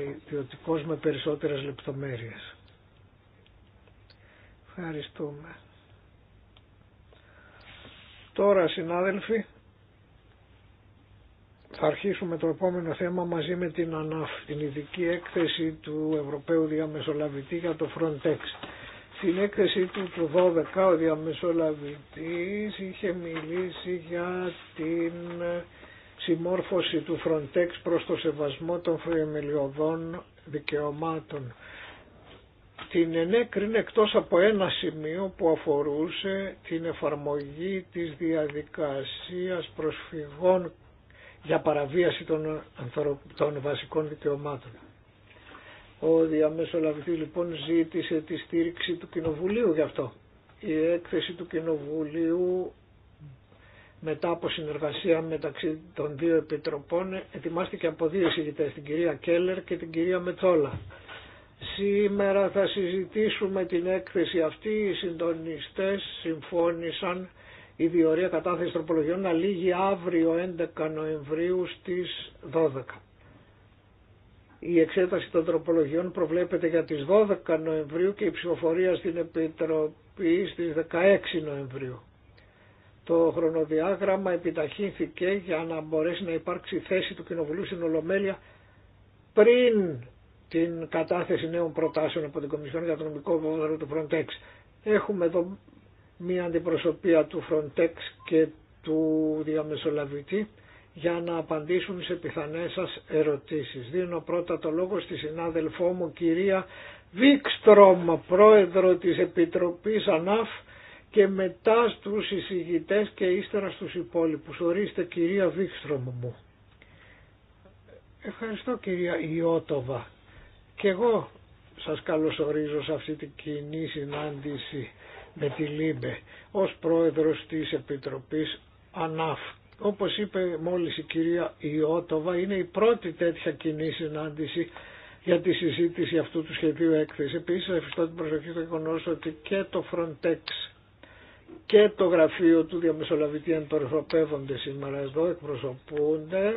ιδιωτικός με περισσότερες λεπτομέρειες. Ευχαριστούμε. Τώρα συνάδελφοι θα αρχίσουμε το επόμενο θέμα μαζί με την ΑΝΑΦ, την ειδική έκθεση του Ευρωπαίου Διαμεσολαβητή για το Frontex. Στην έκθεση του του 12 ο διαμεσολαβητής είχε μιλήσει για την συμμόρφωση του Frontex προς το σεβασμό των φεμελιωδών δικαιωμάτων. Την ενέκρινε εκτός από ένα σημείο που αφορούσε την εφαρμογή της διαδικασίας προσφυγών για παραβίαση των, των βασικών δικαιωμάτων. Ο διαμεσολαβητής λοιπόν ζήτησε τη στήριξη του Κοινοβουλίου γι' αυτό. Η έκθεση του Κοινοβουλίου μετά από συνεργασία μεταξύ των δύο επιτροπών ετοιμάστηκε από δύο συζητές, την κυρία Κέλλερ και την κυρία Μετσόλα. Σήμερα θα συζητήσουμε την έκθεση αυτή, οι συντονιστές συμφώνησαν η διορία κατάθεση τροπολογιών να λύγει αύριο 11 Νοεμβρίου στις 12. Η εξέταση των τροπολογιών προβλέπεται για τις 12 Νοεμβρίου και η ψηφοφορία στην Επιτροπή στις 16 Νοεμβρίου. Το χρονοδιάγραμμα επιταχύνθηκε για να μπορέσει να υπάρξει θέση του Κοινοβουλίου στην Ολομέλεια πριν την κατάθεση νέων προτάσεων από την Κομισιόν για το νομικό του Frontex. Έχουμε εδώ μία αντιπροσωπεία του Frontex και του διαμεσολαβητή για να απαντήσουν σε πιθανές σας ερωτήσεις. Δίνω πρώτα το λόγο στη συνάδελφό μου κυρία Βίκστρομ, πρόεδρο της Επιτροπής ΑΝΑΦ και μετά στους εισηγητές και ύστερα στους υπόλοιπους. Ορίστε κυρία Βίξτρομ μου. Ευχαριστώ κυρία Ιώτοβα. Και εγώ σας καλωσορίζω σε αυτή την κοινή συνάντηση με τη Λίμπε ως πρόεδρος της Επιτροπής ΑΝΑΦ. Όπως είπε μόλις η κυρία Ιώτοβα είναι η πρώτη τέτοια κοινή συνάντηση για τη συζήτηση αυτού του σχεδίου έκθεση. Επίσης ευχαριστώ την προσοχή στο γεγονό ότι και το Frontex και το γραφείο του διαμεσολαβητή αντιπροσωπεύονται σήμερα εδώ, εκπροσωπούνται.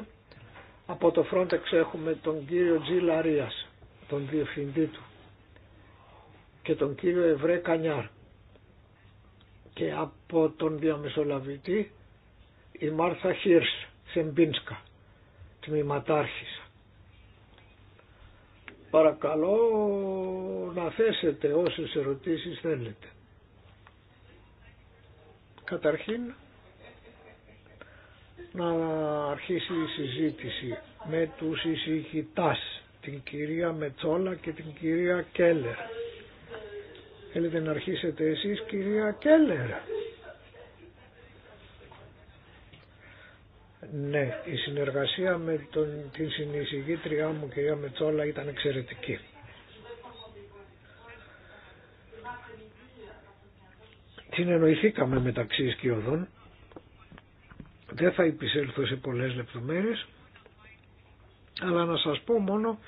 Από το Frontex έχουμε τον κύριο Τζι Λαρίας, τον διευθυντή του και τον κύριο Ευρέ Κανιάρ. Και από τον διαμεσολαβητή η Μάρθα Χίρς, Σεμπίνσκα, τμήματάρχης. Παρακαλώ να θέσετε όσες ερωτήσεις θέλετε. Καταρχήν, να αρχίσει η συζήτηση με τους εισηγητάς, την κυρία Μετσόλα και την κυρία Κέλλερ. Θέλετε να αρχίσετε εσείς κυρία Κέλλερ. Ναι, η συνεργασία με τον, την συνεισηγήτριά μου κυρία Μετσόλα ήταν εξαιρετική. συνεννοηθήκαμε μεταξύ σκιωδών. Δεν θα υπησέλθω σε πολλές λεπτομέρειες, αλλά να σας πω μόνο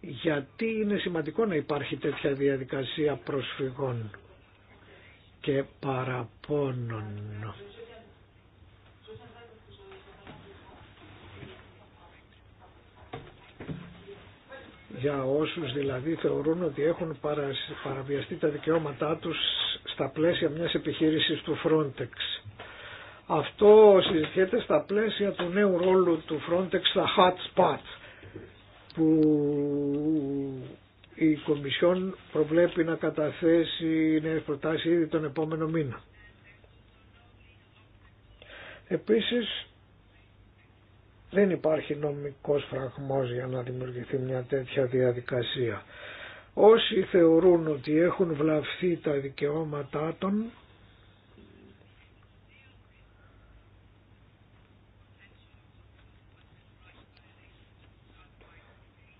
γιατί είναι σημαντικό να υπάρχει τέτοια διαδικασία προσφυγών και παραπώνων. για όσους δηλαδή θεωρούν ότι έχουν παραβιαστεί τα δικαιώματά τους στα πλαίσια μιας επιχείρησης του Frontex. Αυτό συζητιέται στα πλαίσια του νέου ρόλου του Frontex στα hot που η Κομισιόν προβλέπει να καταθέσει νέες προτάσεις ήδη τον επόμενο μήνα. Επίσης δεν υπάρχει νομικός φραγμός για να δημιουργηθεί μια τέτοια διαδικασία. Όσοι θεωρούν ότι έχουν βλαφθεί τα δικαιώματά των,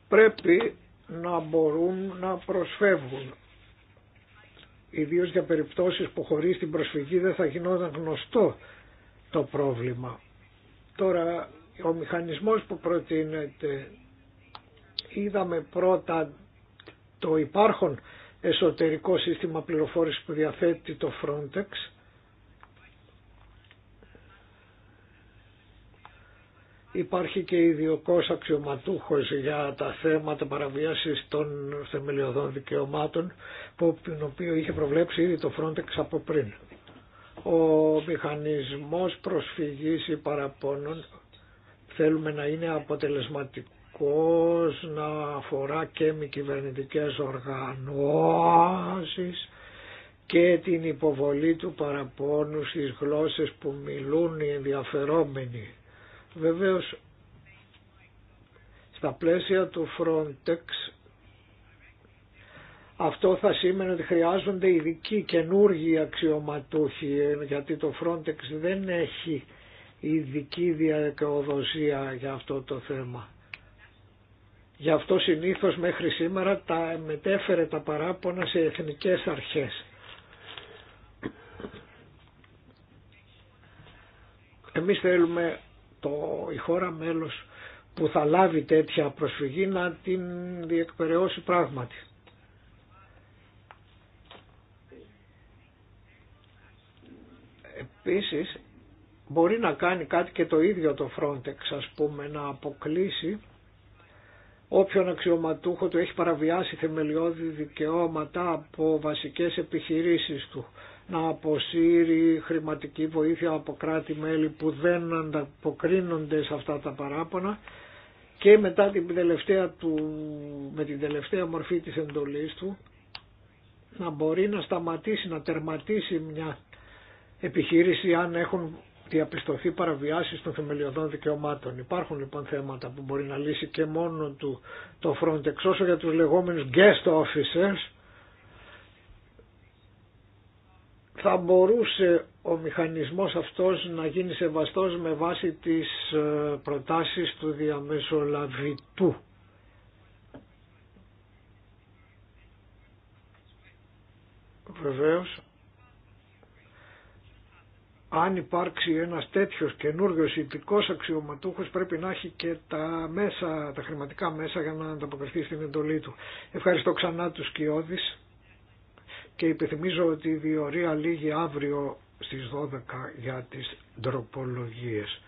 πρέπει να μπορούν να προσφεύγουν. Ιδίως για περιπτώσεις που χωρίς την προσφυγή δεν θα γινόταν γνωστό το πρόβλημα. Τώρα ο μηχανισμός που προτείνεται είδαμε πρώτα το υπάρχον εσωτερικό σύστημα πληροφόρησης που διαθέτει το Frontex υπάρχει και ιδιωκός αξιωματούχος για τα θέματα παραβίασης των θεμελιωδών δικαιωμάτων που, τον οποίο είχε προβλέψει ήδη το Frontex από πριν. Ο μηχανισμός προσφυγής ή παραπώνων θέλουμε να είναι αποτελεσματικό κος να αφορά και μη κυβερνητικές οργανώσεις και την υποβολή του παραπώνου στις γλώσσες που μιλούν οι ενδιαφερόμενοι. Βεβαίως στα πλαίσια του Frontex αυτό θα σήμαινε ότι χρειάζονται ειδικοί καινούργοι αξιωματούχοι γιατί το Frontex δεν έχει ειδική διακοδοσία για αυτό το θέμα. Γι' αυτό συνήθως μέχρι σήμερα τα μετέφερε τα παράπονα σε εθνικές αρχές. Εμείς θέλουμε το, η χώρα μέλος που θα λάβει τέτοια προσφυγή να την διεκπαιρεώσει πράγματι. Επίσης μπορεί να κάνει κάτι και το ίδιο το Frontex ας πούμε να αποκλείσει όποιον αξιωματούχο του έχει παραβιάσει θεμελιώδη δικαιώματα από βασικές επιχειρήσεις του να αποσύρει χρηματική βοήθεια από κράτη-μέλη που δεν ανταποκρίνονται σε αυτά τα παράπονα και μετά την τελευταία του, με την τελευταία μορφή της εντολής του να μπορεί να σταματήσει, να τερματίσει μια επιχείρηση αν έχουν διαπιστωθεί παραβιάσεις των θεμελιωδών δικαιωμάτων. Υπάρχουν λοιπόν θέματα που μπορεί να λύσει και μόνο του το Frontex όσο για τους λεγόμενους guest officers θα μπορούσε ο μηχανισμός αυτός να γίνει σεβαστός με βάση τις ε, προτάσεις του διαμεσολαβητού. Βεβαίως αν υπάρξει ένας τέτοιος καινούργιος ηθικός αξιωματούχος πρέπει να έχει και τα, μέσα, τα χρηματικά μέσα για να ανταποκριθεί στην εντολή του. Ευχαριστώ ξανά τους Κιώδης και υπενθυμίζω ότι η διορία λύγει αύριο στις 12 για τις ντροπολογίες.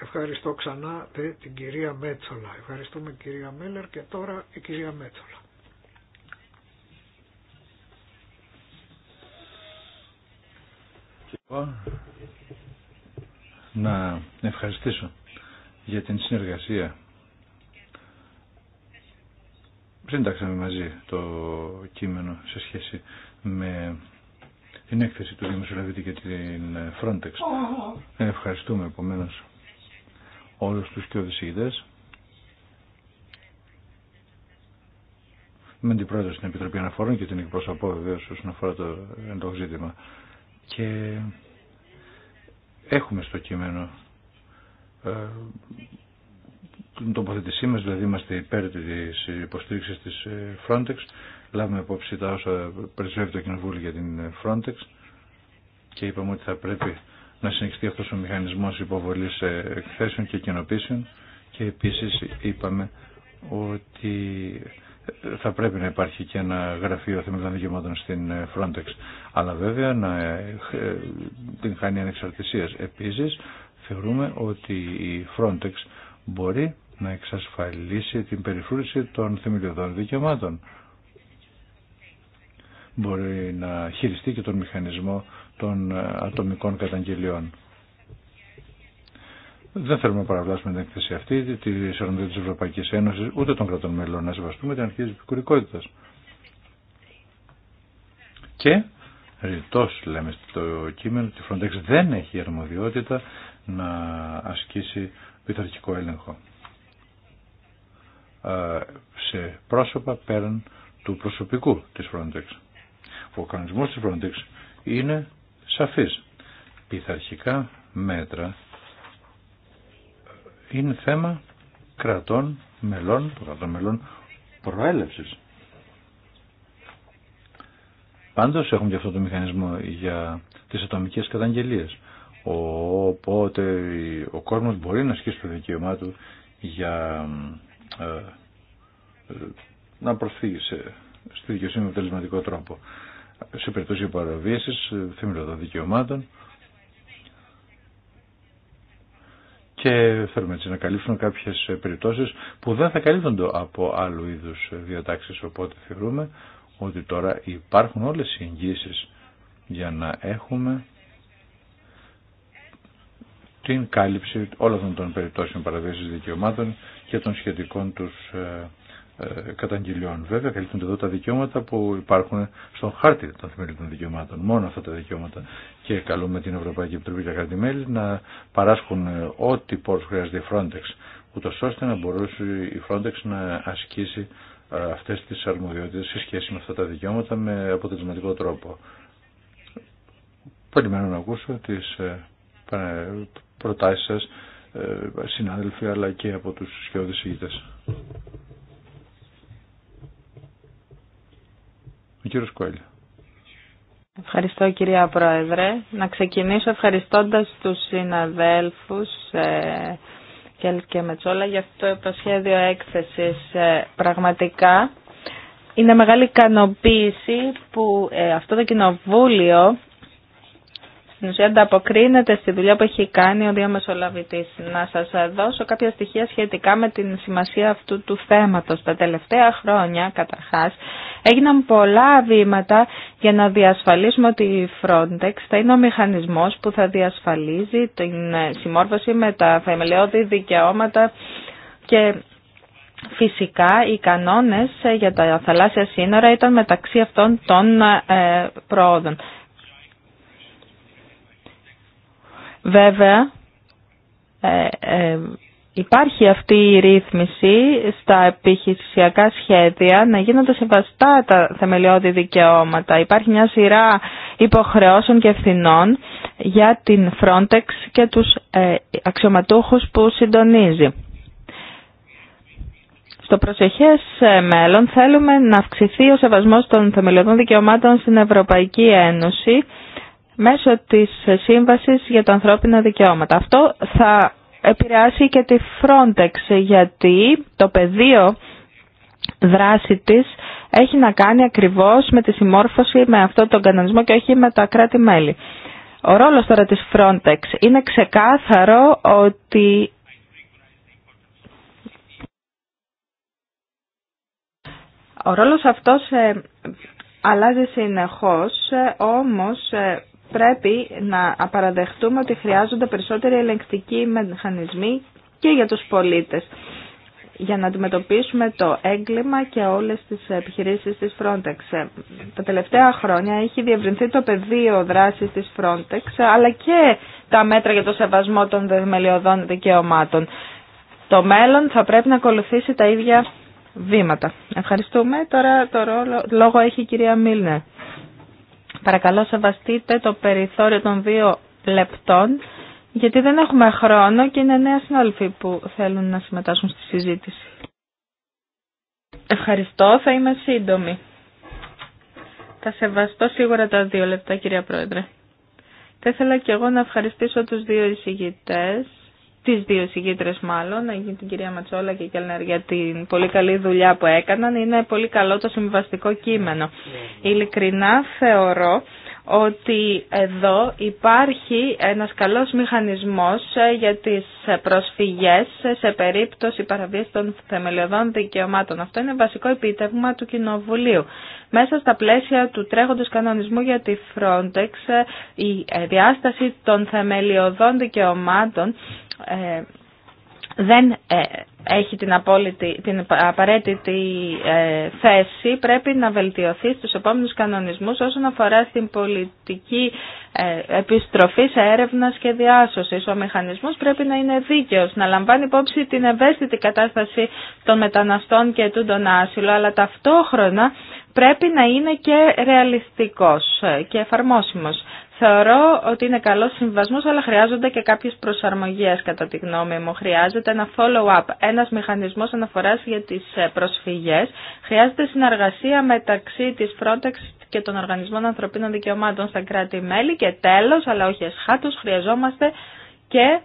Ευχαριστώ ξανά την κυρία Μέτσολα. Ευχαριστούμε κυρία Μέλλερ και τώρα η κυρία Μέτσολα. Λοιπόν, να ευχαριστήσω για την συνεργασία. Σύνταξαμε μαζί το κείμενο σε σχέση με την έκθεση του Δημοσιολαβήτη και την Frontex. Ευχαριστούμε επομένω όλους τους και οδησίδες. Με την πρόεδρο στην Επιτροπή Αναφορών και την εκπροσωπώ βεβαίως, όσον αφορά το ζήτημα. Και έχουμε στο κείμενο ε, την τοποθετησή μας, δηλαδή είμαστε υπέρ της υποστήριξης της ε, Frontex, λάβουμε υπόψη τα όσα περισσεύει το Κοινοβούλιο για την ε, Frontex και είπαμε ότι θα πρέπει να συνεχιστεί αυτός ο μηχανισμός υποβολής εκθέσεων και κοινοποίησεων και επίσης είπαμε ότι θα πρέπει να υπάρχει και ένα γραφείο θεμελιών δικαιωμάτων στην ε, Frontex. Αλλά βέβαια να ε, ε, την χάνει ανεξαρτησίας. Επίσης θεωρούμε ότι η Frontex μπορεί να εξασφαλίσει την περιφρούρηση των θεμελιωδών δικαιωμάτων. Μπορεί να χειριστεί και τον μηχανισμό των ατομικών καταγγελιών. Δεν θέλουμε να παραβλάσουμε την έκθεση αυτή τη αρμοδιότητα τη Ευρωπαϊκή Ένωση ούτε των κρατών μελών. Να σεβαστούμε την αρχή τη επικουρικότητα. Και ρητό λέμε στο κείμενο ότι η Frontex δεν έχει αρμοδιότητα να ασκήσει πειθαρχικό έλεγχο ε, σε πρόσωπα πέραν του προσωπικού της Frontex. Ο κανονισμός της Frontex είναι σαφής. Πειθαρχικά μέτρα είναι θέμα κρατών μελών, κρατών μελών προέλευσης. Πάντως έχουμε και αυτό το μηχανισμό για τις ατομικές καταγγελίες. Οπότε ο κόσμος μπορεί να ασκήσει το δικαίωμά του για ε, ε, να προσφύγει στη δικαιοσύνη με τελεσματικό τρόπο. Σε περίπτωση παραβίασης ε, θύμιλων δικαιωμάτων και θέλουμε έτσι να καλύψουμε κάποιες περιπτώσεις που δεν θα καλύπτονται από άλλου είδους διατάξεις οπότε θεωρούμε ότι τώρα υπάρχουν όλες οι εγγύσεις για να έχουμε την κάλυψη όλων των περιπτώσεων παραβίασης δικαιωμάτων και των σχετικών τους ε, ε, καταγγελιών. Βέβαια καλύπτονται εδώ τα δικαιώματα που υπάρχουν στον χάρτη των θεμελιωτών δικαιωμάτων, μόνο αυτά τα δικαιώματα. Και καλούμε την Ευρωπαϊκή Επιτροπή και τα να παράσχουν ε, ό,τι πόρου χρειάζεται η Frontex, ούτω ώστε να μπορούσε η Frontex να ασκήσει ε, αυτέ τι αρμοδιότητε σε σχέση με αυτά τα δικαιώματα με αποτελεσματικό τρόπο. Περιμένω να ακούσω τι προτάσει σα συνάδελφοι αλλά και από τους σχεδόν Ευχαριστώ κυρία Πρόεδρε. Να ξεκινήσω ευχαριστώντας τους συναδέλφους ε, Κέλ και Μετσόλα για αυτό το σχέδιο έκθεσης. Ε, πραγματικά είναι μεγάλη ικανοποίηση που ε, αυτό το κοινοβούλιο στην ουσία ανταποκρίνεται στη δουλειά που έχει κάνει ο διαμεσολαβητής. Να σας δώσω κάποια στοιχεία σχετικά με την σημασία αυτού του θέματος. Τα τελευταία χρόνια, καταρχάς, έγιναν πολλά βήματα για να διασφαλίσουμε ότι η Frontex θα είναι ο μηχανισμός που θα διασφαλίζει την συμμόρφωση με τα θεμελιώδη δικαιώματα και Φυσικά οι κανόνες για τα θαλάσσια σύνορα ήταν μεταξύ αυτών των ε, προόδων. Βέβαια, ε, ε, υπάρχει αυτή η ρύθμιση στα επιχειρησιακά σχέδια να γίνονται σεβαστά τα θεμελιώδη δικαιώματα. Υπάρχει μια σειρά υποχρεώσεων και ευθυνών για την Frontex και τους ε, αξιωματούχους που συντονίζει. Στο προσεχές ε, μέλλον θέλουμε να αυξηθεί ο σεβασμός των θεμελιωδών δικαιωμάτων στην Ευρωπαϊκή Ένωση μέσω της Σύμβασης για τα ανθρώπινα δικαιώματα. Αυτό θα επηρεάσει και τη Frontex γιατί το πεδίο δράση της έχει να κάνει ακριβώς με τη συμμόρφωση με αυτό τον κανονισμό και όχι με τα κράτη-μέλη. Ο ρόλος τώρα της Frontex είναι ξεκάθαρο ότι ο ρόλος αυτός ε, αλλάζει συνεχώς, ε, όμως ε, πρέπει να παραδεχτούμε ότι χρειάζονται περισσότεροι ελεγκτικοί μηχανισμοί και για τους πολίτες για να αντιμετωπίσουμε το έγκλημα και όλες τις επιχειρήσεις της Frontex. Τα τελευταία χρόνια έχει διευρυνθεί το πεδίο δράσης της Frontex, αλλά και τα μέτρα για το σεβασμό των δεμελιωδών δικαιωμάτων. Το μέλλον θα πρέπει να ακολουθήσει τα ίδια βήματα. Ευχαριστούμε. Τώρα το λόγο έχει η κυρία Μίλνε. Παρακαλώ σεβαστείτε το περιθώριο των δύο λεπτών, γιατί δεν έχουμε χρόνο και είναι νέα συνόλφοι που θέλουν να συμμετάσχουν στη συζήτηση. Ευχαριστώ, θα είμαι σύντομη. Θα σεβαστώ σίγουρα τα δύο λεπτά, κυρία Πρόεδρε. Θα ήθελα και εγώ να ευχαριστήσω τους δύο εισηγητές τι δύο συγκίτρε, μάλλον, την κυρία Ματσόλα και η Κέλνερ για την πολύ καλή δουλειά που έκαναν. Είναι πολύ καλό το συμβαστικό κείμενο. Ναι. Ειλικρινά θεωρώ ότι εδώ υπάρχει ένας καλός μηχανισμός ε, για τις προσφυγές σε περίπτωση παραβίαση των θεμελιωδών δικαιωμάτων. Αυτό είναι βασικό επίτευγμα του Κοινοβουλίου. Μέσα στα πλαίσια του τρέχοντος κανονισμού για τη Frontex, ε, η διάσταση των θεμελιωδών δικαιωμάτων ε, δεν ε, έχει την, την απαραίτητη ε, θέση, πρέπει να βελτιωθεί στους επόμενους κανονισμούς όσον αφορά στην πολιτική επιστροφή σε έρευνα και διάσωση. Ο μηχανισμός πρέπει να είναι δίκαιος, να λαμβάνει υπόψη την ευαίσθητη κατάσταση των μεταναστών και του τον αλλά ταυτόχρονα πρέπει να είναι και ρεαλιστικός και εφαρμόσιμος. Θεωρώ ότι είναι καλός συμβασμός, αλλά χρειάζονται και κάποιες προσαρμογές κατά τη γνώμη μου. Χρειάζεται ένα follow-up, ένας μηχανισμός αναφοράς για τις ε, προσφυγές. Χρειάζεται συνεργασία μεταξύ της Frontex και των Οργανισμών Ανθρωπίνων Δικαιωμάτων στα κράτη-μέλη. Και τέλος, αλλά όχι εσχάτως, χρειαζόμαστε και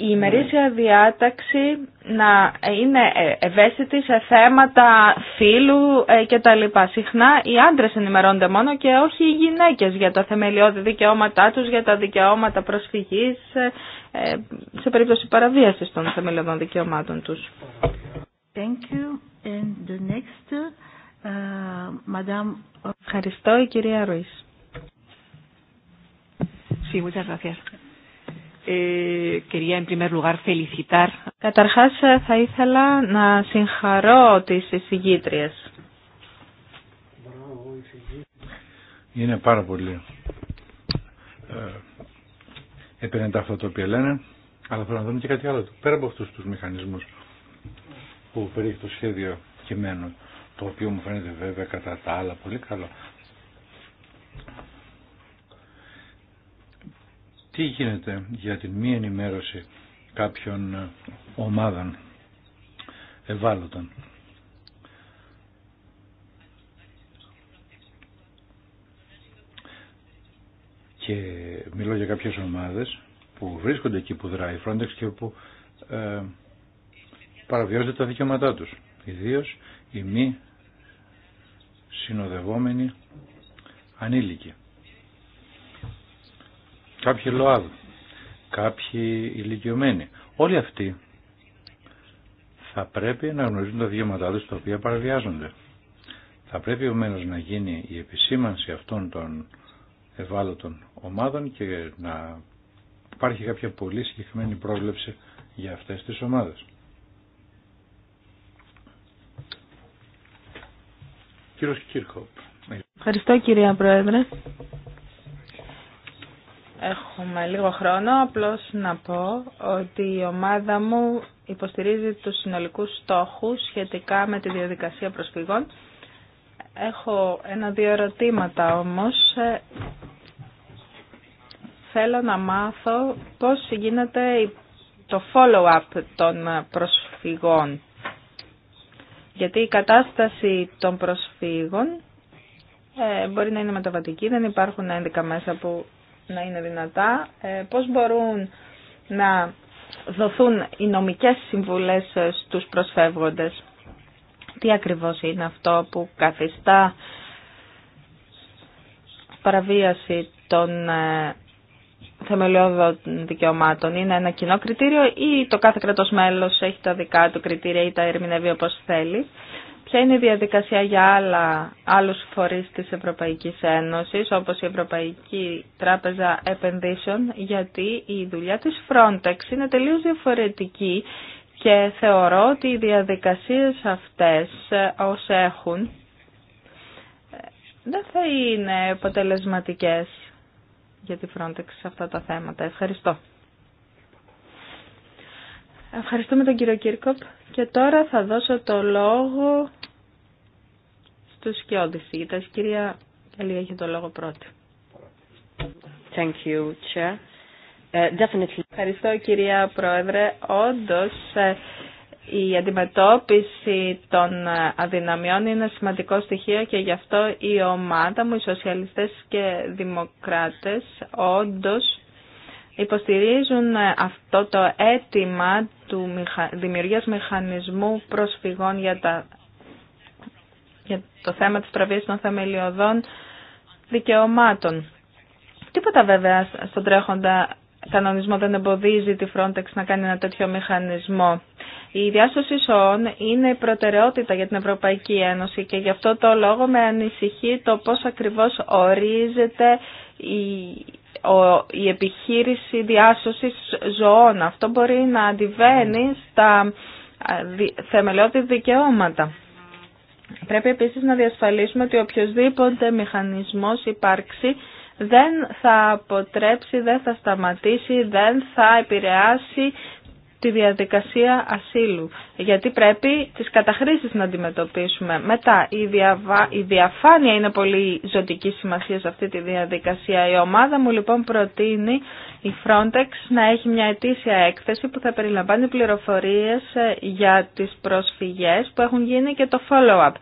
η ημερήσια διάταξη να είναι ε, ευαίσθητη σε θέματα φύλου ε, και τα λοιπά. Συχνά οι άντρες ενημερώνονται μόνο και όχι οι γυναίκες για τα θεμελιώδη δικαιώματά τους, για τα δικαιώματα προσφυγής ε, σε περίπτωση παραβίασης των θεμελιωδών δικαιωμάτων τους. Thank you. And the next, uh, Madame... Ευχαριστώ η κυρία Ρουίς. Sí, muchas gracias. Ε, κυρία, Καταρχάς ε, θα ήθελα να συγχαρώ τις εισηγήτριες. Είναι πάρα πολύ ε, επενέντα αυτό το οποίο λένε, αλλά θέλω να δούμε και κάτι άλλο. Πέρα από αυτούς τους μηχανισμούς που περιέχει το σχέδιο κειμένου, το οποίο μου φαίνεται βέβαια κατά τα άλλα πολύ καλό, τι γίνεται για την μη ενημέρωση κάποιων ομάδων ευάλωτων. Και μιλώ για κάποιες ομάδες που βρίσκονται εκεί που δράει η Frontex και που ε, τα δικαιώματά τους. Ιδίως οι μη συνοδευόμενοι ανήλικοι κάποιοι ΛΟΑΔ, κάποιοι ηλικιωμένοι. Όλοι αυτοί θα πρέπει να γνωρίζουν τα δικαιώματά του τα οποία παραβιάζονται. Θα πρέπει ομένως να γίνει η επισήμανση αυτών των ευάλωτων ομάδων και να υπάρχει κάποια πολύ συγκεκριμένη πρόβλεψη για αυτές τις ομάδες. Κύριος Κύρχοπ. Ευχαριστώ κυρία Πρόεδρε. Έχουμε λίγο χρόνο, απλώς να πω ότι η ομάδα μου υποστηρίζει τους συνολικούς στόχους σχετικά με τη διαδικασία προσφυγών. Έχω ένα-δύο ερωτήματα όμως. Θέλω να μάθω πώς γίνεται το follow-up των προσφυγών. Γιατί η κατάσταση των προσφύγων ε, μπορεί να είναι μεταβατική, δεν υπάρχουν ένδικα μέσα που να είναι δυνατά, ε, πώς μπορούν να δοθούν οι νομικές συμβουλές ε, στους προσφεύγοντες. Τι ακριβώς είναι αυτό που καθιστά παραβίαση των ε, θεμελιώδων δικαιωμάτων. Είναι ένα κοινό κριτήριο ή το κάθε κρατός μέλος έχει τα δικά του κριτήρια ή τα ερμηνεύει όπως θέλει. Ποια είναι η διαδικασία για άλλα, άλλους φορείς της Ευρωπαϊκής Ένωσης, όπως η Ευρωπαϊκή Τράπεζα Επενδύσεων, γιατί η δουλειά της Frontex είναι τελείως διαφορετική και θεωρώ ότι οι διαδικασίες αυτές ε, ως έχουν ε, δεν θα είναι αποτελεσματικές για τη Frontex σε αυτά τα θέματα. Ευχαριστώ. Ευχαριστούμε τον κύριο Κύρκοπ και τώρα θα δώσω το λόγο στους σκιώδης Η Κυρία Καλή έχει το λόγο πρώτη. Thank you, ε, Definitely. Ευχαριστώ κυρία Πρόεδρε. Όντως ε, η αντιμετώπιση των αδυναμιών είναι σημαντικό στοιχείο και γι' αυτό η ομάδα μου, οι σοσιαλιστές και δημοκράτες, όντως υποστηρίζουν ε, αυτό το αίτημα του δημιουργίας μηχανισμού προσφυγών για, τα... για το θέμα της τραβής των θεμελιωδών δικαιωμάτων. Τίποτα βέβαια στον τρέχοντα κανονισμό δεν εμποδίζει τη Frontex να κάνει ένα τέτοιο μηχανισμό. Η διάσωση σώων είναι η προτεραιότητα για την Ευρωπαϊκή Ένωση και γι' αυτό το λόγο με ανησυχεί το πώς ακριβώς ορίζεται η η επιχείρηση διάσωσης ζωών. Αυτό μπορεί να αντιβαίνει στα θεμελιώδη δικαιώματα. Πρέπει επίσης να διασφαλίσουμε ότι οποιοδήποτε μηχανισμός υπάρξει δεν θα αποτρέψει, δεν θα σταματήσει, δεν θα επηρεάσει τη διαδικασία ασύλου, γιατί πρέπει τις καταχρήσεις να αντιμετωπίσουμε. Μετά, η, διαβα... η διαφάνεια είναι πολύ ζωτική σημασία σε αυτή τη διαδικασία. Η ομάδα μου λοιπόν προτείνει η Frontex να έχει μια ετήσια έκθεση που θα περιλαμβάνει πληροφορίες ε, για τις προσφυγές που έχουν γίνει και το follow-up.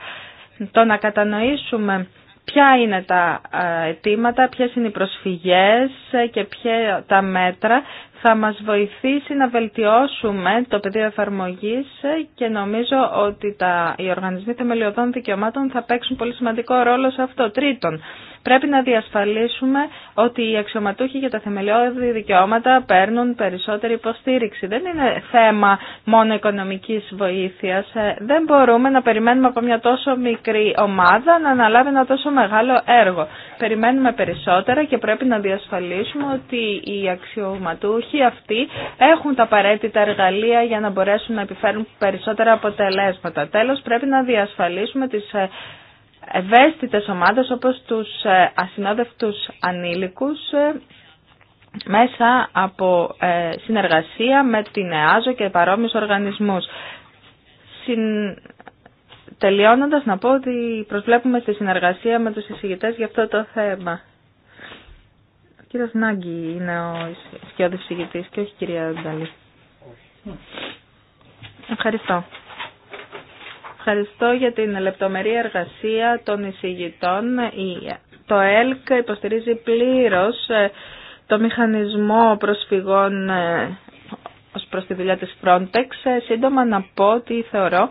Το να κατανοήσουμε ποια είναι τα ε, αιτήματα, ποιες είναι οι προσφυγές ε, και ποια τα μέτρα θα μας βοηθήσει να βελτιώσουμε το πεδίο εφαρμογής ε, και νομίζω ότι τα, οι οργανισμοί θεμελιωδών δικαιωμάτων θα παίξουν πολύ σημαντικό ρόλο σε αυτό. Τρίτον, Πρέπει να διασφαλίσουμε ότι οι αξιωματούχοι για τα θεμελιώδη δικαιώματα παίρνουν περισσότερη υποστήριξη. Δεν είναι θέμα μόνο οικονομικής βοήθειας. Ε, δεν μπορούμε να περιμένουμε από μια τόσο μικρή ομάδα να αναλάβει ένα τόσο μεγάλο έργο. Περιμένουμε περισσότερα και πρέπει να διασφαλίσουμε ότι οι αξιωματούχοι αυτοί έχουν τα απαραίτητα εργαλεία για να μπορέσουν να επιφέρουν περισσότερα αποτελέσματα. Τέλος, πρέπει να διασφαλίσουμε τις ε, ευαίσθητες ομάδες όπως τους ε, ασυνόδευτους ανήλικους ε, μέσα από ε, συνεργασία με την ΕΑΖΟ και παρόμοιους οργανισμούς. Συν... Τελειώνοντας να πω ότι προσβλέπουμε στη συνεργασία με τους εισηγητές για αυτό το θέμα. Ο κύριος Νάγκη είναι ο σκιώδης εισηγητής και όχι η κυρία Νταλή. Ευχαριστώ. Ευχαριστώ για την λεπτομερή εργασία των εισηγητών. Το ΕΛΚ υποστηρίζει πλήρως ε, το μηχανισμό προσφυγών ε, ως προς τη δουλειά της Frontex. Ε, σύντομα να πω ότι θεωρώ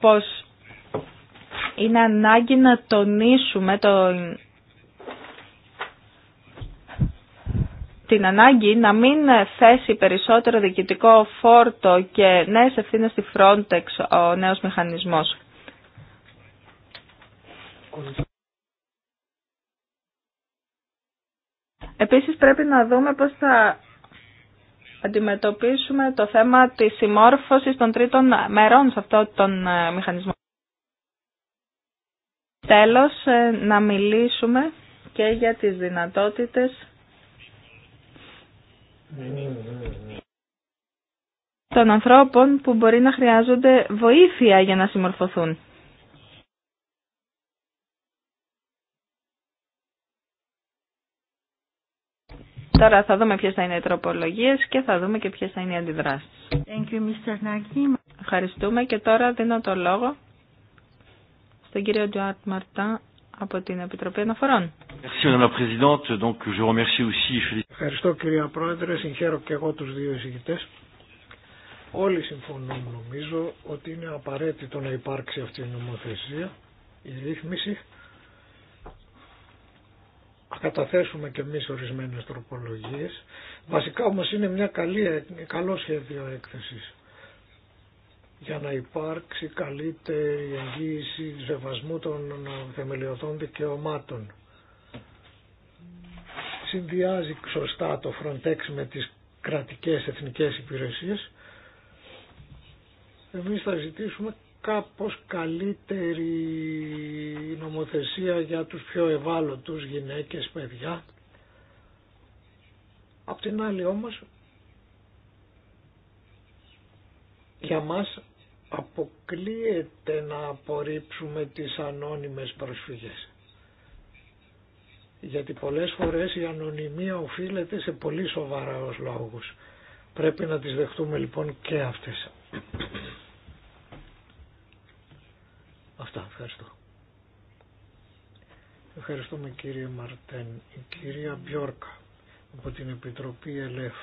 πως είναι ανάγκη να τονίσουμε τον... την ανάγκη να μην θέσει περισσότερο διοικητικό φόρτο και νέες ευθύνε στη Frontex ο νέος μηχανισμός. Επίσης πρέπει να δούμε πώς θα αντιμετωπίσουμε το θέμα της συμμόρφωσης των τρίτων μερών σε αυτό τον ε, μηχανισμό. Τέλος, ε, να μιλήσουμε και για τις δυνατότητες των ανθρώπων που μπορεί να χρειάζονται βοήθεια για να συμμορφωθούν. Τώρα θα δούμε ποιες θα είναι οι τροπολογίες και θα δούμε και ποιες θα είναι οι αντιδράσεις. Ευχαριστούμε και τώρα δίνω το λόγο στον κύριο Τζουάρτ Μαρτά από την Επιτροπή Αναφορών. Ευχαριστώ κυρία Πρόεδρε, συγχαίρω και εγώ τους δύο εισηγητές. Όλοι συμφωνούν νομίζω ότι είναι απαραίτητο να υπάρξει αυτή η νομοθεσία, η ρύθμιση. Καταθέσουμε και εμείς ορισμένες τροπολογίες. Βασικά όμως είναι μια καλή, καλό σχέδιο έκθεσης για να υπάρξει καλύτερη εγγύηση σεβασμού των θεμελιωδών δικαιωμάτων. Συνδυάζει σωστά το Frontex με τις κρατικές εθνικές υπηρεσίες. Εμείς θα ζητήσουμε κάπως καλύτερη νομοθεσία για τους πιο ευάλωτους γυναίκες, παιδιά. Απ' την άλλη όμως, για μας αποκλείεται να απορρίψουμε τις ανώνυμες προσφυγές. Γιατί πολλές φορές η ανωνυμία οφείλεται σε πολύ σοβαρά ως λόγους. Πρέπει να τις δεχτούμε λοιπόν και αυτές. Αυτά, ευχαριστώ. Ευχαριστούμε κύριε Μαρτέν. Η κυρία Μπιόρκα από την Επιτροπή ΕΛΕΦ.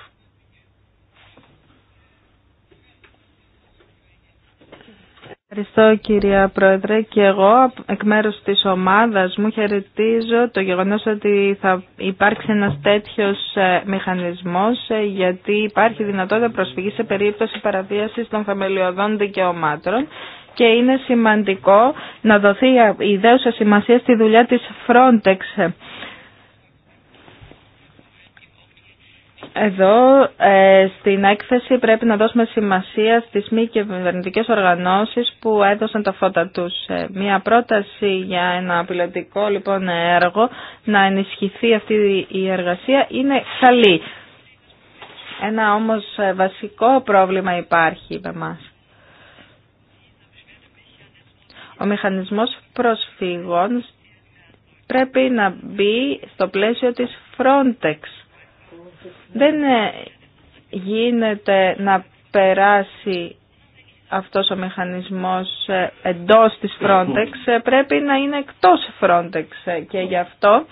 Ευχαριστώ κυρία Πρόεδρε και εγώ εκ μέρους της ομάδας μου χαιρετίζω το γεγονός ότι θα υπάρξει ένας τέτοιος ε, μηχανισμός ε, γιατί υπάρχει δυνατότητα προσφυγής σε περίπτωση παραβίασης των θεμελιωδών δικαιωμάτων και είναι σημαντικό να δοθεί η ιδέουσα σημασία στη δουλειά της Frontex Εδώ ε, στην έκθεση πρέπει να δώσουμε σημασία στις μη κυβερνητικέ οργανώσεις που έδωσαν τα φώτα τους. Ε, μια πρόταση για ένα πιλωτικό λοιπόν έργο να ενισχυθεί αυτή η εργασία είναι καλή. Ένα όμως βασικό πρόβλημα υπάρχει με μας. Ο μηχανισμός προσφύγων πρέπει να μπει στο πλαίσιο της Frontex δεν ε, γίνεται να περάσει αυτός ο μηχανισμός ε, εντός της Frontex, ε, πρέπει να είναι εκτός Frontex και γι' αυτό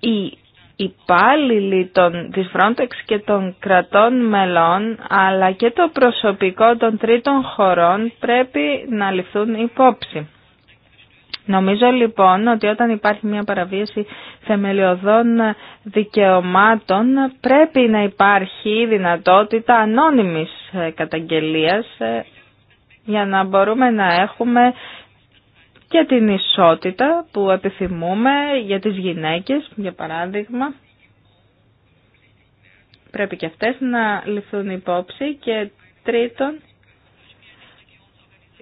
οι υπάλληλοι των, της Frontex και των κρατών μελών αλλά και το προσωπικό των τρίτων χωρών πρέπει να ληφθούν υπόψη. Νομίζω λοιπόν ότι όταν υπάρχει μια παραβίαση θεμελιωδών δικαιωμάτων πρέπει να υπάρχει δυνατότητα ανώνυμης ε, καταγγελίας ε, για να μπορούμε να έχουμε και την ισότητα που επιθυμούμε για τις γυναίκες, για παράδειγμα. Πρέπει και αυτές να ληφθούν υπόψη και τρίτον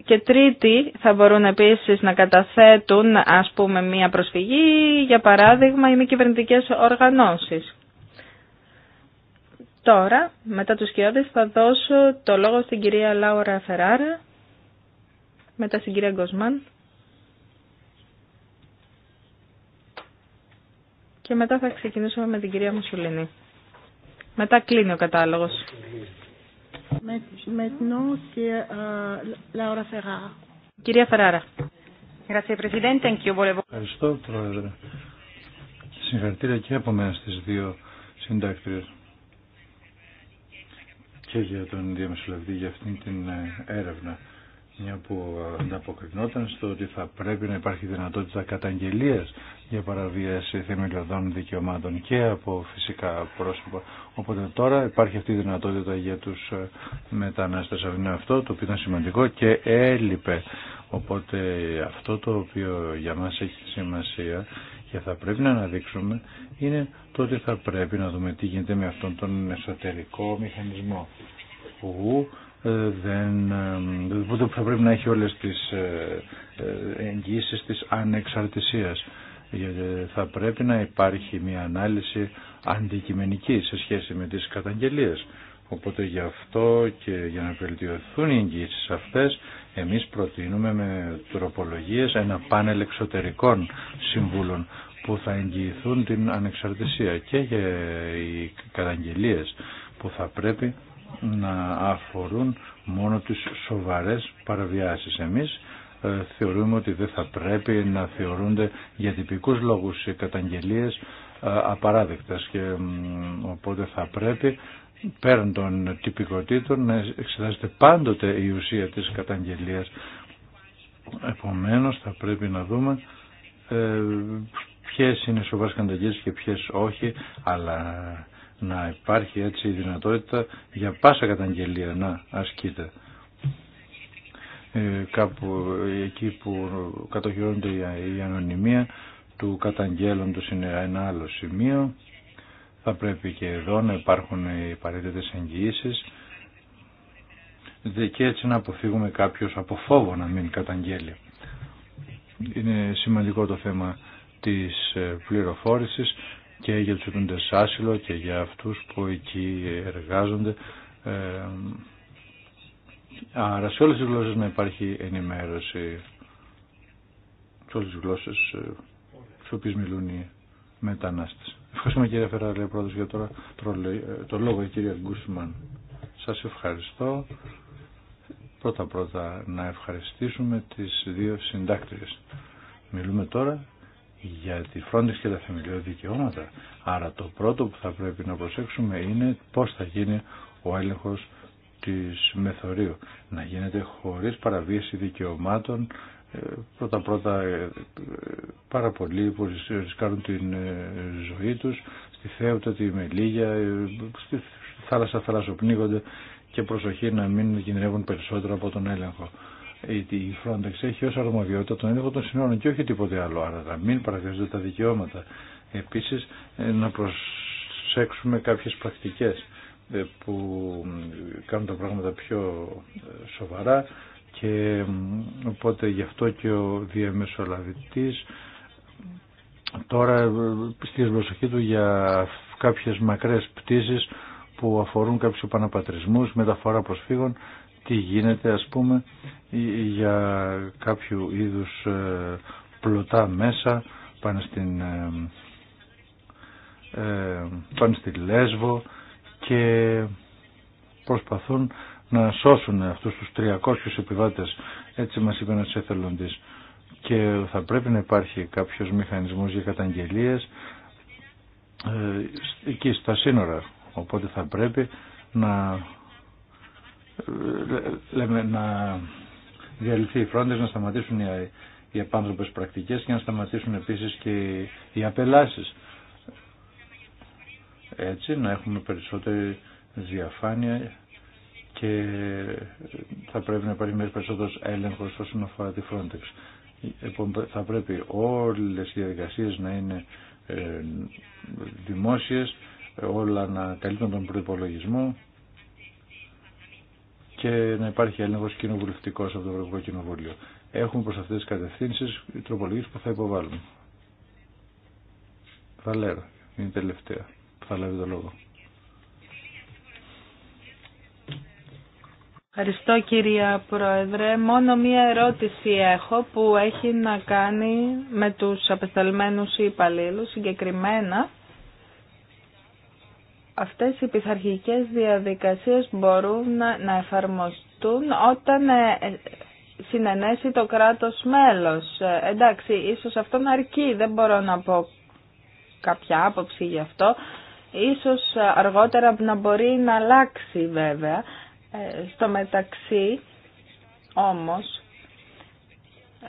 και τρίτη, θα μπορούν επίσης να καταθέτουν ας πούμε μία προσφυγή, για παράδειγμα οι μη κυβερνητικέ οργανώσεις. Τώρα, μετά τους κοιόδες, θα δώσω το λόγο στην κυρία Λάουρα Φεράρα, μετά στην κυρία Γκοσμάν και μετά θα ξεκινήσουμε με την κυρία Μουσουλίνη. Μετά κλείνει ο κατάλογος. Euh, Κυρία Φεράρα. Ευχαριστώ, Πρόεδρε. Συγχαρητήρια και από μένα στις δύο συντάκτριες και για τον διαμεσολαβητή για αυτήν την ε, έρευνα μια που ανταποκρινόταν στο ότι θα πρέπει να υπάρχει δυνατότητα καταγγελίας για παραβίαση θεμελιωδών δικαιωμάτων και από φυσικά πρόσωπα. Οπότε τώρα υπάρχει αυτή η δυνατότητα για τους ε, μετανάστες αυτό αυτό το οποίο ήταν σημαντικό και έλειπε. Οπότε αυτό το οποίο για μας έχει σημασία και θα πρέπει να αναδείξουμε είναι το ότι θα πρέπει να δούμε τι γίνεται με αυτόν τον εσωτερικό μηχανισμό ε, δεν, που ε, θα πρέπει να έχει όλες τις ε, εγγύσεις της ανεξαρτησίας. Θα πρέπει να υπάρχει μια ανάλυση αντικειμενική σε σχέση με τις καταγγελίες. Οπότε γι' αυτό και για να βελτιωθούν οι εγγύσεις αυτές, εμείς προτείνουμε με τροπολογίες ένα πάνελ εξωτερικών συμβούλων που θα εγγυηθούν την ανεξαρτησία και για οι καταγγελίες που θα πρέπει να αφορούν μόνο τις σοβαρές παραβιάσεις. Εμείς ε, θεωρούμε ότι δεν θα πρέπει να θεωρούνται για τυπικούς λόγους οι καταγγελίες ε, απαράδεκτες και οπότε θα πρέπει πέραν των τυπικοτήτων να εξετάζεται πάντοτε η ουσία της καταγγελίας. Επομένως θα πρέπει να δούμε ε, ποιες είναι σοβαρές καταγγελίες και ποιες όχι, αλλά να υπάρχει έτσι η δυνατότητα για πάσα καταγγελία να ασκείται. Ε, κάπου εκεί που κατοχυρώνεται η, η ανωνυμία του καταγγέλλοντος είναι ένα άλλο σημείο. Θα πρέπει και εδώ να υπάρχουν οι απαραίτητες εγγυήσεις και έτσι να αποφύγουμε κάποιος από φόβο να μην καταγγέλει. Είναι σημαντικό το θέμα της ε, πληροφόρησης και για τους ετούντες άσυλο και για αυτούς που εκεί εργάζονται. Ε, άρα σε όλες τις γλώσσες να υπάρχει ενημέρωση, σε όλες τις γλώσσες ε, στις οποίες μιλούν οι μετανάστες. Ευχαριστούμε κύριε Φεραλία Πρόεδρος για τώρα ε, το λόγο η κυρία Γκούσμαν. Σας ευχαριστώ. Πρώτα πρώτα να ευχαριστήσουμε τις δύο συντάκτριες. Μιλούμε τώρα για τη φρόντιση και τα θεμελιώδη δικαιώματα. Άρα το πρώτο που θα πρέπει να προσέξουμε είναι πώς θα γίνει ο έλεγχος της μεθορίου. Να γίνεται χωρίς παραβίαση δικαιωμάτων ε, πρώτα-πρώτα ε, ε, πάρα πολλοί που ρισκάρουν την ζωή τους στη θέωτα, τη μελίγια, στη θάλασσα θαλασσοπνίγονται και προσοχή να μην κινδυνεύουν περισσότερο από τον έλεγχο η Frontex έχει ως αρμοδιότητα τον έλεγχο των συνόρων και όχι τίποτε άλλο, άρα να μην παραβιάζονται τα δικαιώματα. Επίσης ε, να προσέξουμε κάποιες πρακτικές ε, που κάνουν τα πράγματα πιο ε, σοβαρά και οπότε γι' αυτό και ο διαμεσολαβητής τώρα στην προσοχή του για κάποιες μακρές πτήσεις που αφορούν κάποιους επαναπατρισμούς, μεταφορά προσφύγων τι γίνεται ας πούμε για κάποιο είδους ε, πλωτά μέσα πάνε στην, ε, ε, πάνε στη Λέσβο και προσπαθούν να σώσουν αυτούς τους 300 επιβάτες έτσι μας είπε ένας εθελοντής και θα πρέπει να υπάρχει κάποιος μηχανισμός για καταγγελίες εκεί στα σύνορα οπότε θα πρέπει να λέμε να διαλυθεί η φρόντες, να σταματήσουν οι, οι επάνθρωπες πρακτικές και να σταματήσουν επίσης και οι απελάσεις. Έτσι να έχουμε περισσότερη διαφάνεια και θα πρέπει να υπάρχει περισσότερους περισσότερος έλεγχος όσον αφορά τη Frontex. Λοιπόν, θα πρέπει όλες οι διαδικασίες να είναι ε, δημόσιες, όλα να καλύπτουν τον προϋπολογισμό και να υπάρχει έλεγχο κοινοβουλευτικό από το Ευρωπαϊκό Κοινοβούλιο. Έχουμε προ αυτέ τι κατευθύνσει τροπολογίε που θα υποβάλουμε. Θα λέω, είναι η τελευταία που θα λάβει το λόγο. Ευχαριστώ κυρία Πρόεδρε. Μόνο μία ερώτηση έχω που έχει να κάνει με τους απεσταλμένους υπαλλήλους συγκεκριμένα αυτές οι πειθαρχικές διαδικασίες μπορούν να εφαρμοστούν όταν ε, ε, συνενέσει το κράτος μέλος. Ε, εντάξει, ίσως αυτό να αρκεί, δεν μπορώ να πω κάποια άποψη γι' αυτό. Ίσως αργότερα να μπορεί να αλλάξει βέβαια. Στο μεταξύ όμως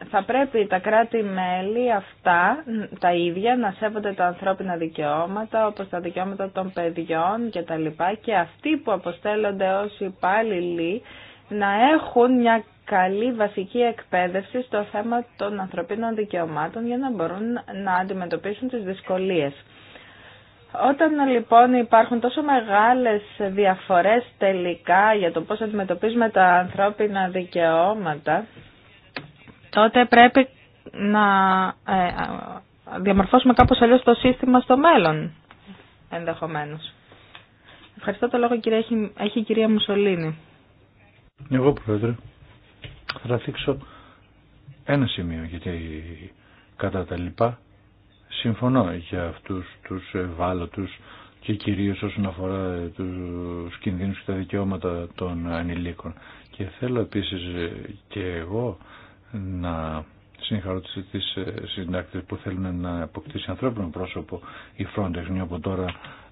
θα πρέπει τα κράτη-μέλη αυτά τα ίδια να σέβονται τα ανθρώπινα δικαιώματα όπως τα δικαιώματα των παιδιών και τα λοιπά και αυτοί που αποστέλλονται ως υπάλληλοι να έχουν μια καλή βασική εκπαίδευση στο θέμα των ανθρωπίνων δικαιωμάτων για να μπορούν να αντιμετωπίσουν τις δυσκολίες. Όταν λοιπόν υπάρχουν τόσο μεγάλες διαφορές τελικά για το πώς αντιμετωπίζουμε τα ανθρώπινα δικαιώματα, τότε πρέπει να ε, διαμορφώσουμε κάπως αλλιώς το σύστημα στο μέλλον, ενδεχομένως. Ευχαριστώ το λόγο, κύριε. έχει, έχει η κυρία Μουσολίνη. Εγώ, Πρόεδρε, θα θίξω ένα σημείο, γιατί κατά τα λοιπά συμφωνώ για αυτούς τους ευάλωτους και κυρίως όσον αφορά τους κινδύνους και τα δικαιώματα των ανηλίκων. Και θέλω επίσης και εγώ να συγχαρώ τις ε, συντάκτες που θέλουν να αποκτήσει ανθρώπινο πρόσωπο η Frontex, μια από τώρα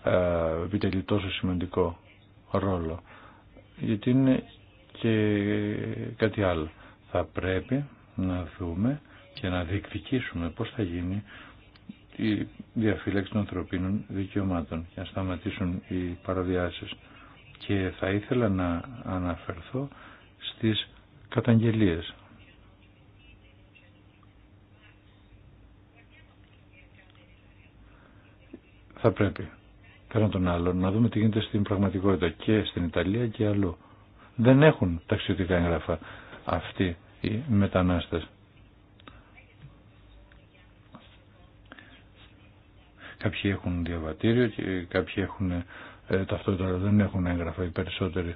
ε, επιτελεί τόσο σημαντικό ρόλο. Γιατί είναι και κάτι άλλο. Θα πρέπει να δούμε και να διεκδικήσουμε πώς θα γίνει η διαφύλαξη των ανθρωπίνων δικαιωμάτων για να σταματήσουν οι παραβιάσεις. Και θα ήθελα να αναφερθώ στις καταγγελίες θα πρέπει πέραν τον άλλον να δούμε τι γίνεται στην πραγματικότητα και στην Ιταλία και αλλού. Δεν έχουν ταξιδιωτικά έγγραφα αυτοί οι μετανάστες. Κάποιοι έχουν διαβατήριο και κάποιοι έχουν ε, ταυτότητα, δεν έχουν έγγραφα οι περισσότεροι.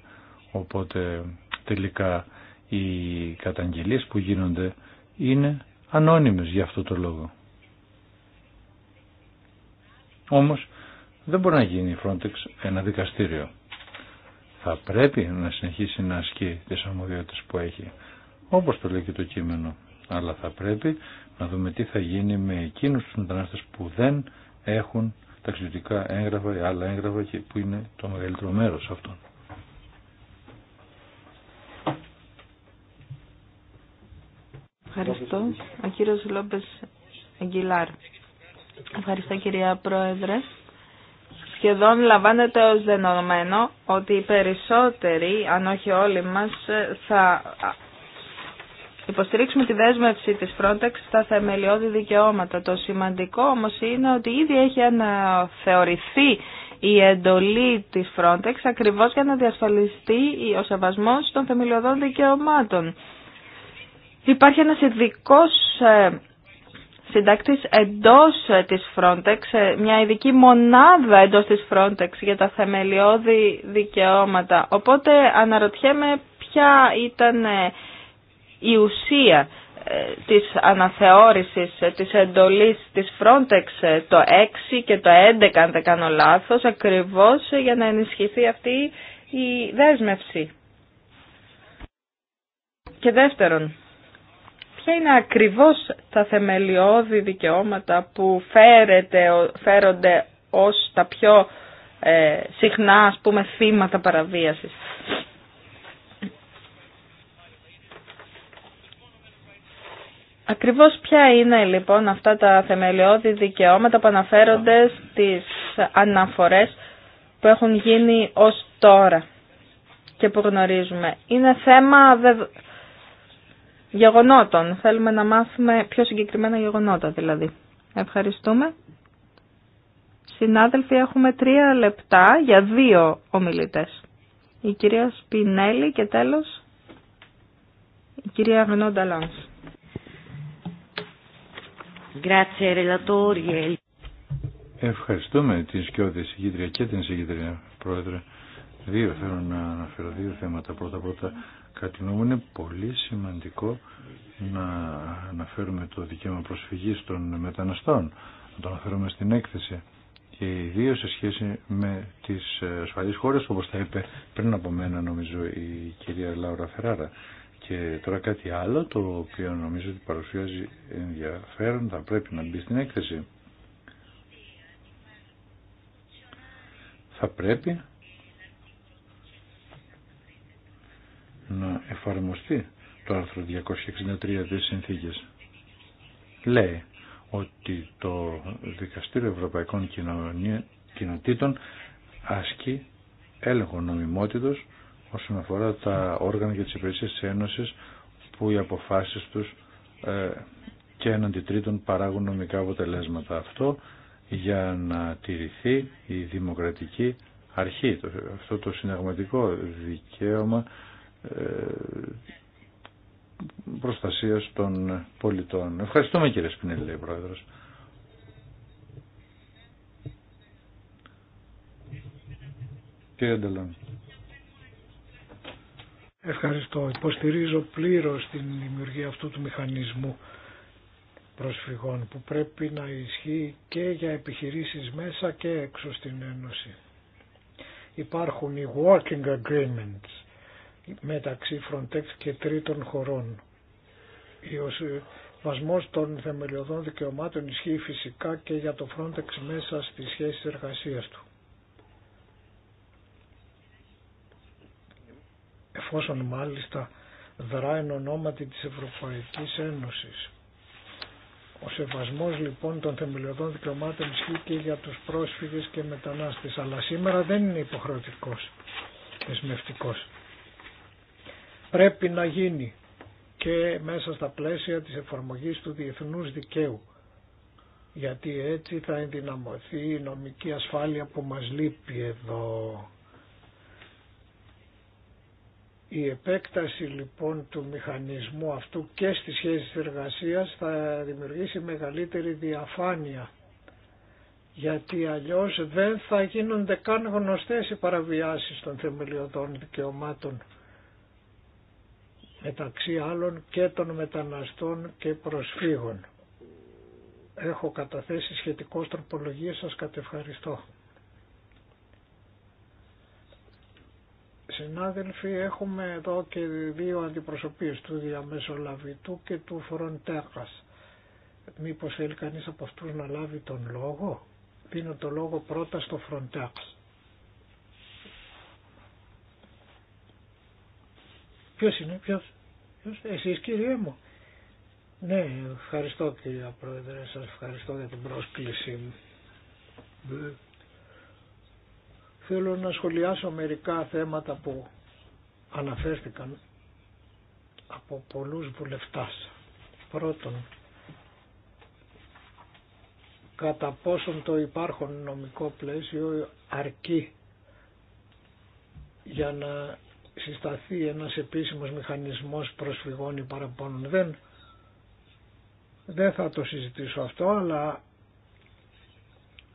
Οπότε τελικά οι καταγγελίες που γίνονται είναι ανώνυμες για αυτό το λόγο. Όμως δεν μπορεί να γίνει η Frontex ένα δικαστήριο. Θα πρέπει να συνεχίσει να ασκεί τις αρμοδιότητες που έχει, όπως το λέει και το κείμενο. Αλλά θα πρέπει να δούμε τι θα γίνει με εκείνους τους μετανάστες που δεν έχουν ταξιδιωτικά έγγραφα ή άλλα έγγραφα και που είναι το μεγαλύτερο μέρος αυτών. Ευχαριστώ. Ο κύριος Λόμπες Αγγιλάρ. Ευχαριστώ κυρία Πρόεδρε. Σχεδόν λαμβάνεται ως δεδομένο ότι οι περισσότεροι, αν όχι όλοι μας, θα υποστηρίξουμε τη δέσμευση της Frontex στα θεμελιώδη δικαιώματα. Το σημαντικό όμως είναι ότι ήδη έχει αναθεωρηθεί η εντολή της Frontex ακριβώς για να διασφαλιστεί ο σεβασμός των θεμελιωδών δικαιωμάτων. Υπάρχει ένας ειδικός ε, συντάκτης εντός ε, της Frontex, ε, μια ειδική μονάδα εντός της Frontex για τα θεμελιώδη δικαιώματα. Οπότε αναρωτιέμαι ποια ήταν ε, η ουσία της αναθεώρησης της εντολής της Frontex το 6 και το 11 αν δεν κάνω λάθος ακριβώς για να ενισχυθεί αυτή η δέσμευση. Και δεύτερον, ποια είναι ακριβώς τα θεμελιώδη δικαιώματα που φέρεται, φέρονται ως τα πιο ε, συχνά ας πούμε θύματα παραβίασης. Ακριβώς ποια είναι λοιπόν αυτά τα θεμελιώδη δικαιώματα που αναφέρονται στις αναφορές που έχουν γίνει ως τώρα και που γνωρίζουμε. Είναι θέμα γεγονότων. Θέλουμε να μάθουμε πιο συγκεκριμένα γεγονότα δηλαδή. Ευχαριστούμε. Συνάδελφοι, έχουμε τρία λεπτά για δύο ομιλητές. Η κυρία Σπινέλη και τέλος η κυρία Γνόντα Λάνς. Ευχαριστούμε την Σκιώδη συγκίτρια και την συγκίτρια Πρόεδρε Δύο θέλω να αναφέρω δύο θέματα. Πρώτα πρώτα κάτι νόμο είναι πολύ σημαντικό να αναφέρουμε το δικαίωμα προσφυγής των μεταναστών, να το αναφέρουμε στην έκθεση και ιδίω σε σχέση με τις ασφαλείς χώρες όπως τα είπε πριν από μένα νομίζω η κυρία Λάουρα Φεράρα. Και τώρα κάτι άλλο το οποίο νομίζω ότι παρουσιάζει ενδιαφέρον θα πρέπει να μπει στην έκθεση. Θα πρέπει να εφαρμοστεί το άρθρο 263 της συνθήκης. Λέει ότι το Δικαστήριο Ευρωπαϊκών Κοινοτήτων ασκεί έλεγχο νομιμότητος όσον αφορά τα όργανα και τις υπηρεσίες της Ένωσης που οι αποφάσεις τους ε, και έναντι τρίτων παράγουν νομικά αποτελέσματα. Αυτό για να τηρηθεί η δημοκρατική αρχή, αυτό το συνταγματικό δικαίωμα ε, προστασίας των πολιτών. Ευχαριστούμε κύριε Σπινέλη, λέει Πρόεδρος. Κύριε Ευχαριστώ. Υποστηρίζω πλήρως την δημιουργία αυτού του μηχανισμού προσφυγών που πρέπει να ισχύει και για επιχειρήσεις μέσα και έξω στην Ένωση. Υπάρχουν οι working agreements μεταξύ Frontex και τρίτων χωρών. Ο ε, βασμός των θεμελιωδών δικαιωμάτων ισχύει φυσικά και για το Frontex μέσα στις σχέσεις εργασίας του. Εφόσον μάλιστα δράει εν ονόματι της Ευρωπαϊκής Ένωσης. Ο σεβασμός λοιπόν των θεμελιωδών δικαιωμάτων ισχύει και για τους πρόσφυγες και μετανάστες, αλλά σήμερα δεν είναι υποχρεωτικός, δεσμευτικός πρέπει να γίνει και μέσα στα πλαίσια της εφαρμογής του διεθνούς δικαίου γιατί έτσι θα ενδυναμωθεί η νομική ασφάλεια που μας λείπει εδώ. Η επέκταση λοιπόν του μηχανισμού αυτού και στις σχέσεις εργασίας θα δημιουργήσει μεγαλύτερη διαφάνεια γιατί αλλιώς δεν θα γίνονται καν γνωστές οι παραβιάσεις των θεμελιωδών δικαιωμάτων μεταξύ άλλων και των μεταναστών και προσφύγων. Έχω καταθέσει σχετικό τροπολογίες, σας κατευχαριστώ. Συνάδελφοι, έχουμε εδώ και δύο αντιπροσωπείες του διαμεσολαβητού και του φροντέρας. Μήπως θέλει κανείς από αυτούς να λάβει τον λόγο. Δίνω το λόγο πρώτα στο φροντέρας. Ποιος είναι, ποιος. Ποιος, εσείς κύριε μου. Ναι, ευχαριστώ κύριε Πρόεδρε, σας ευχαριστώ για την πρόσκληση μου. Θέλω να σχολιάσω μερικά θέματα που αναφέρθηκαν από πολλούς βουλευτάς. Πρώτον, κατά πόσον το υπάρχον νομικό πλαίσιο αρκεί για να συσταθεί ένας επίσημος μηχανισμός προσφυγών ή παραπώνων. Δεν, δεν θα το συζητήσω αυτό, αλλά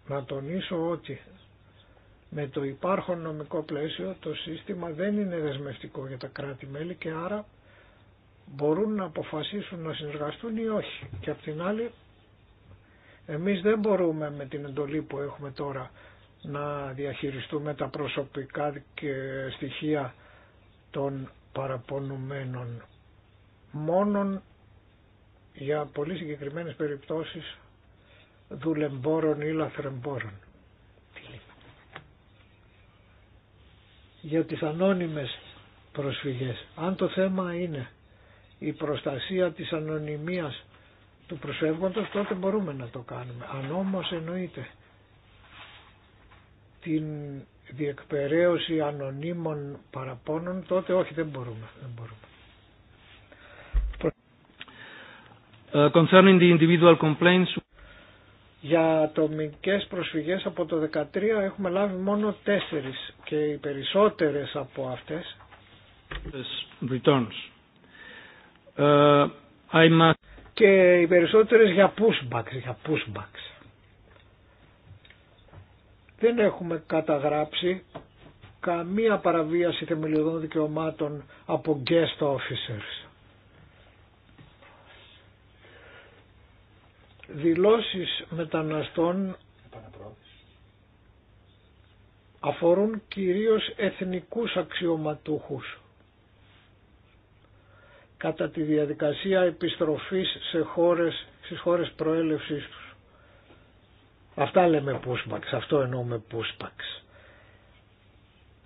να τονίσω ότι με το υπάρχον νομικό πλαίσιο το σύστημα δεν είναι δεσμευτικό για τα κράτη-μέλη και άρα μπορούν να αποφασίσουν να συνεργαστούν ή όχι. Και απ' την άλλη εμείς δεν μπορούμε με την εντολή που έχουμε τώρα να διαχειριστούμε τα προσωπικά στοιχεία των παραπονουμένων μόνον για πολύ συγκεκριμένες περιπτώσεις δουλεμπόρων ή λαθρεμπόρων. Για τις ανώνυμες προσφυγές. Αν το θέμα είναι η προστασία της ανωνυμίας του προσφεύγοντος τότε μπορούμε να το κάνουμε. Αν όμως εννοείται την διεκπαιρέωση ανωνύμων παραπώνων, τότε όχι δεν μπορούμε. Δεν μπορούμε. Ε, concerning the individual complaints... Για ατομικές προσφυγές από το 2013 έχουμε λάβει μόνο τέσσερις και οι περισσότερες από αυτές ε, και οι περισσότερες για pushbacks, για pushbacks δεν έχουμε καταγράψει καμία παραβίαση θεμελιωδών δικαιωμάτων από guest officers. Δηλώσεις μεταναστών αφορούν κυρίως εθνικούς αξιωματούχους κατά τη διαδικασία επιστροφής σε χώρες, στις χώρες προέλευσης τους. Αυτά λέμε pushbacks, αυτό εννοούμε pushbacks.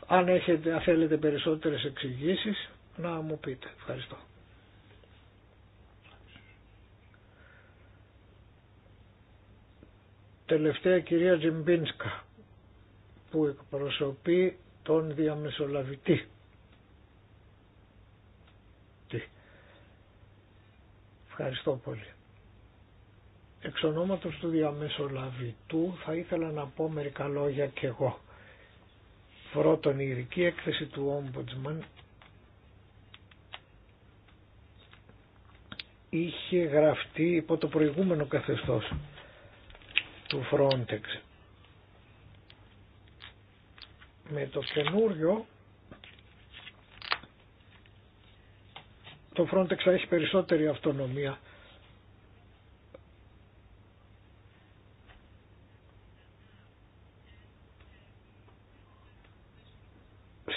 Αν έχετε, αν θέλετε περισσότερες εξηγήσει να μου πείτε. Ευχαριστώ. Τελευταία κυρία Τζιμπίνσκα, που εκπροσωπεί τον διαμεσολαβητή. Ευχαριστώ πολύ. Εξ ονόματος του διαμεσολαβητού θα ήθελα να πω μερικά λόγια κι εγώ. Πρώτον, η ειδική έκθεση του Ombudsman είχε γραφτεί υπό το προηγούμενο καθεστώς του Frontex. Με το καινούριο το Frontex θα έχει περισσότερη αυτονομία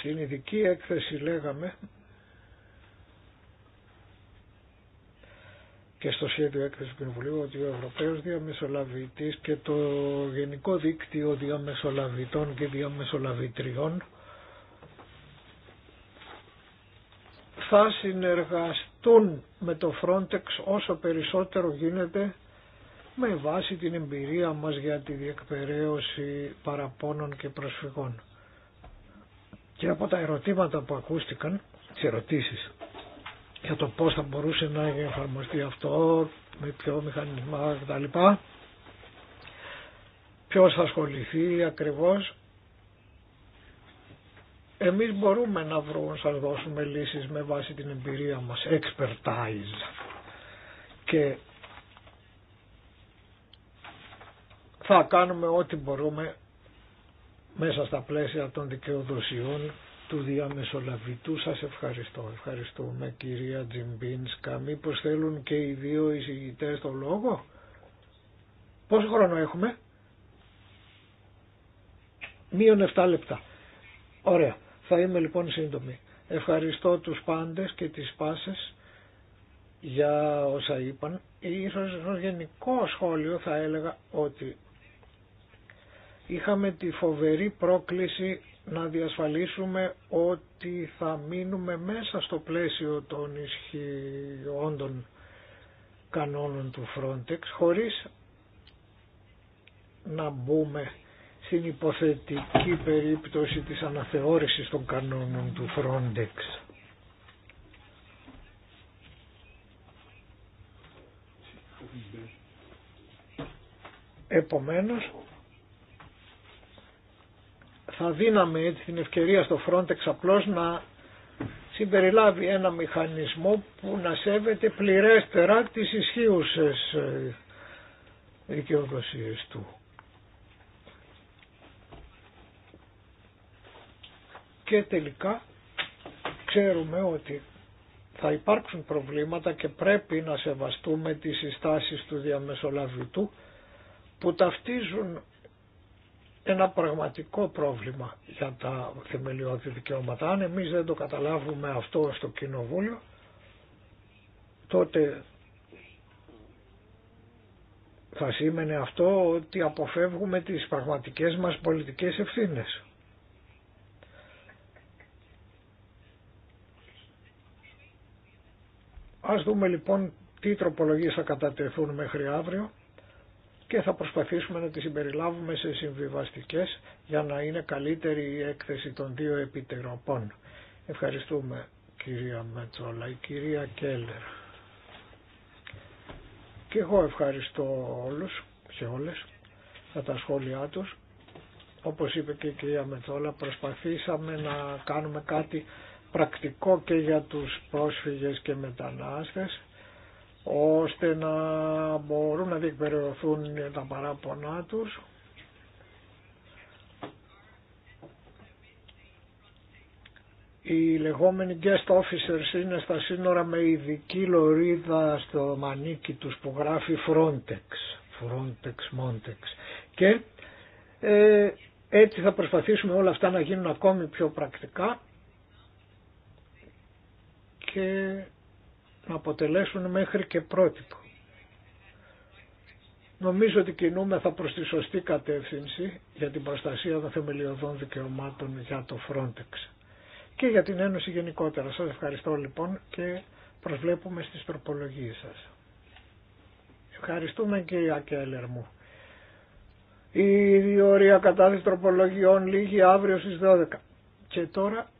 στην ειδική έκθεση λέγαμε και στο σχέδιο έκθεση του Κοινοβουλίου ότι ο Ευρωπαίος Διαμεσολαβητής και το Γενικό Δίκτυο Διαμεσολαβητών και Διαμεσολαβητριών θα συνεργαστούν με το Frontex όσο περισσότερο γίνεται με βάση την εμπειρία μας για τη διεκπαιρέωση παραπώνων και προσφυγών. Και από τα ερωτήματα που ακούστηκαν, τις ερωτήσεις για το πώς θα μπορούσε να εφαρμοστεί αυτό, με ποιο μηχανισμό κτλ. Ποιος θα ασχοληθεί ακριβώς. Εμείς μπορούμε να βρούμε, να δώσουμε λύσεις με βάση την εμπειρία μας, expertise. Και θα κάνουμε ό,τι μπορούμε μέσα στα πλαίσια των δικαιοδοσιών του διαμεσολαβητού. Σας ευχαριστώ. Ευχαριστούμε κυρία Τζιμπίνσκα. Μήπως θέλουν και οι δύο εισηγητές το λόγο. Πόσο χρόνο έχουμε. Μείον 7 λεπτά. Ωραία. Θα είμαι λοιπόν σύντομη. Ευχαριστώ τους πάντες και τις πάσες για όσα είπαν. Ίσως γενικό σχόλιο θα έλεγα ότι είχαμε τη φοβερή πρόκληση να διασφαλίσουμε ότι θα μείνουμε μέσα στο πλαίσιο των των κανόνων του Frontex χωρίς να μπούμε στην υποθετική περίπτωση της αναθεώρησης των κανόνων του Frontex. Επομένως, θα δίναμε την ευκαιρία στο Frontex απλώς να συμπεριλάβει ένα μηχανισμό που να σέβεται πληρέστερα τις ισχύουσες ε, δικαιοδοσίες του. Και τελικά ξέρουμε ότι θα υπάρξουν προβλήματα και πρέπει να σεβαστούμε τις συστάσεις του διαμεσολαβητού που ταυτίζουν ένα πραγματικό πρόβλημα για τα θεμελιώδη δικαιώματα. Αν εμείς δεν το καταλάβουμε αυτό στο Κοινοβούλιο, τότε θα σήμαινε αυτό ότι αποφεύγουμε τις πραγματικές μας πολιτικές ευθύνες. Ας δούμε λοιπόν τι τροπολογίες θα κατατεθούν μέχρι αύριο και θα προσπαθήσουμε να τις συμπεριλάβουμε σε συμβιβαστικές για να είναι καλύτερη η έκθεση των δύο επιτεροπών. Ευχαριστούμε κυρία Μετσόλα, η κυρία Κέλλερ. Και εγώ ευχαριστώ όλους και όλες για τα σχόλιά τους. Όπως είπε και η κυρία Μετσόλα προσπαθήσαμε να κάνουμε κάτι πρακτικό και για τους πρόσφυγες και μετανάστες ώστε να μπορούν να διεκπαιρεωθούν τα παράπονά τους Οι λεγόμενοι guest officers είναι στα σύνορα με ειδική λωρίδα στο μανίκι τους που γράφει Frontex, Frontex, Montex. Και ε, έτσι θα προσπαθήσουμε όλα αυτά να γίνουν ακόμη πιο πρακτικά και να αποτελέσουν μέχρι και πρότυπο. Νομίζω ότι κινούμεθα προς τη σωστή κατεύθυνση για την προστασία των θεμελιωδών δικαιωμάτων για το Frontex και για την Ένωση γενικότερα. Σας ευχαριστώ λοιπόν και προσβλέπουμε στις τροπολογίες σας. Ευχαριστούμε η Ακέλερ μου. Η διορία κατάθεση τροπολογιών λήγει αύριο στις 12. Και τώρα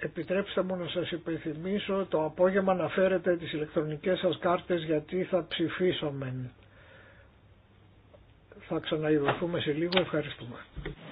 Επιτρέψτε μου να σας υπενθυμίσω το απόγευμα να φέρετε τις ηλεκτρονικές σας κάρτες γιατί θα ψηφίσουμε. Θα ξαναειδωθούμε σε λίγο. Ευχαριστούμε.